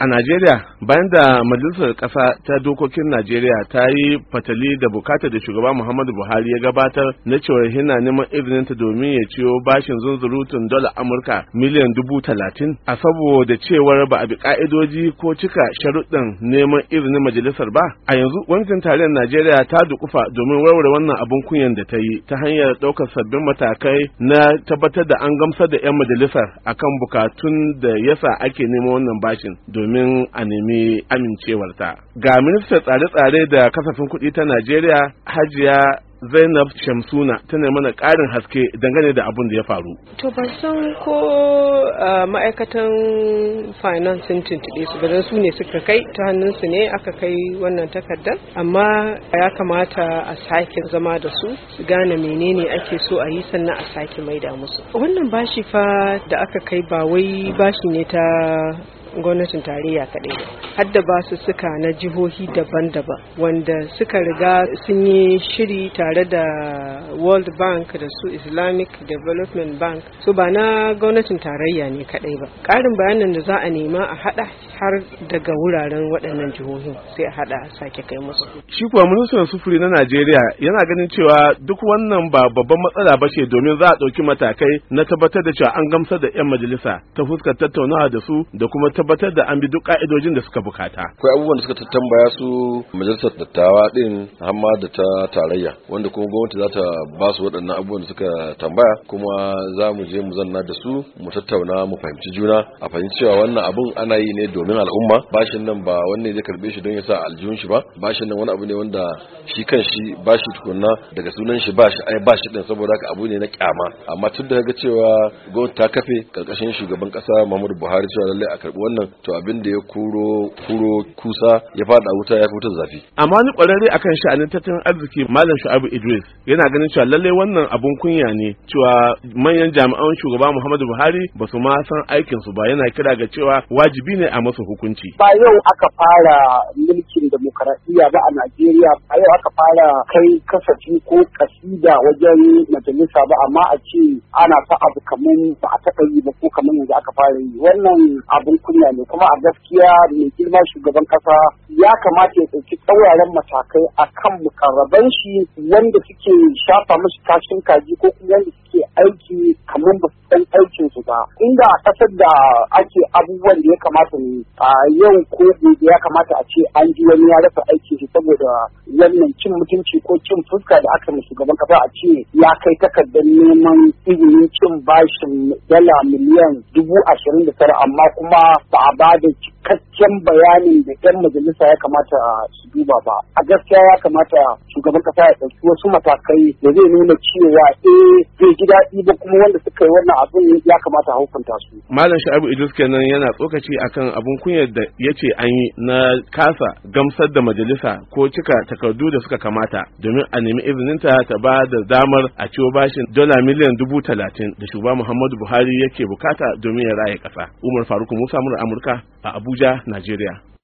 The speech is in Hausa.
a najeriya bayan da majalisar kasa ta dokokin najeriya ta yi fatali da bukatar da shugaba muhammadu buhari ya gabatar na cewar hina neman ta domin ya ciyo bashin zunzurutun dala amurka miliyan dubu talatin a saboda cewar ba a bi ka'idoji ko cika sharuɗin neman izinin majalisar ba a yanzu gwamnatin tarayyar najeriya ta dukufa domin warware wannan abin kunyan da ta yi ta hanyar ɗaukar sabbin matakai na tabbatar da an gamsar da 'yan majalisar akan bukatun da yasa ake neman wannan bashin domin a nemi amincewarta ga ministan tsare-tsare da kasafin kuɗi ta najeriya hajiya zainab shamsuna tana mana ƙarin haske dangane da abin da ya faru to ban san ko ma'aikatan finance sun tuntuɗe su bazan su ne suka kai ta hannun su ne aka kai wannan takardar amma ya kamata a sake zama da su su gane menene ake so a yi sannan a sake maida musu wannan bashi fa da aka kai ba wai bashi ne ta gwamnatin tarayya kaɗai ba hadda ba su suka na jihohi daban-daban wanda suka riga sun yi shiri tare da world bank da su islamic development bank su ba na gwamnatin tarayya ne kaɗai ba ƙarin bayanin da za a nema a haɗa har daga wuraren waɗannan jihohin sai a haɗa sake kai musu shi kuwa ministan sufuri na najeriya yana ganin cewa duk wannan ba babban matsala ba ce domin za a ɗauki matakai na tabbatar da cewa an gamsar da 'yan majalisa ta fuskar tattaunawa da su da kuma tabbatar da an bi duk ka'idojin da suka bukata akwai abubuwan da suka tambaya su majalisar dattawa din hamma da ta tarayya wanda kuma gwamnati za ta ba su waɗannan abubuwan da suka tambaya kuma za mu je mu zanna da su mu tattauna mu fahimci juna a fahimci cewa wannan abun ana yi ne domin al'umma bashin nan ba wanne zai karbe shi don ya sa aljihun shi ba bashin nan wani abu ne wanda shi kan shi bashi tukunna daga sunan shi bashi ai bashi din saboda haka abu ne na kyama amma tun da ga cewa gwamnati ta kafe karkashin shugaban kasa Muhammadu Buhari cewa lalle a karbi wannan to abin da ya kuro kuro kusa ya fada wuta ya wutar zafi amma ni kwararre akan sha'anin tattalin arziki malam shu'abu idris yana ganin cewa lalle wannan abun kunya ne cewa manyan jami'an shugaba muhammadu buhari ba su ma san aikin su ba yana kira ga cewa wajibi ne a masa hukunci ba yau aka fara mulkin demokaradiyya ba a najeriya ba yau aka fara kai kasafi ko kasida wajen majalisa ba amma a ce ana ta abu kamar ba a taɓa yi ba ko kamar yanzu aka fara yi wannan abun kunya duniya ne kuma a gaskiya mai girma shugaban kasa ya kamata ya ɗauki tsauraran matakai a kan mukarraban shi wanda suke shafa musu kashin kaji ko kuma wanda suke aiki kamar ba ɗan aikin su ba inda kasar da ake abubuwan da ya kamata ne a yau ko gobe ya kamata a ce an ji wani ya rasa aiki shi saboda wannan cin mutunci ko cin fuska da aka musu gaban kasa a ce ya kai takardar neman izinin cin bashin dala miliyan dubu ashirin da tara amma kuma ba a ba da cikakken bayanin da 'yan majalisa ya kamata a su duba ba a gaskiya ya kamata shugaban kasa ya ɗauki wasu matakai da zai nuna cewa eh zai gida daɗi ba kuma wanda suka yi wannan abin ya kamata a hukunta su malam sha'abu idris kenan yana tsokaci akan abun kunya da ya ce an yi na kasa gamsar da majalisa ko cika takardu da suka kamata domin a nemi izininta ta ba da damar a ciwo bashin dala miliyan dubu talatin da shugaba muhammadu buhari yake bukata domin ya raye kasa umar faruk musa mura amurka a abu Abuja, Najeriya.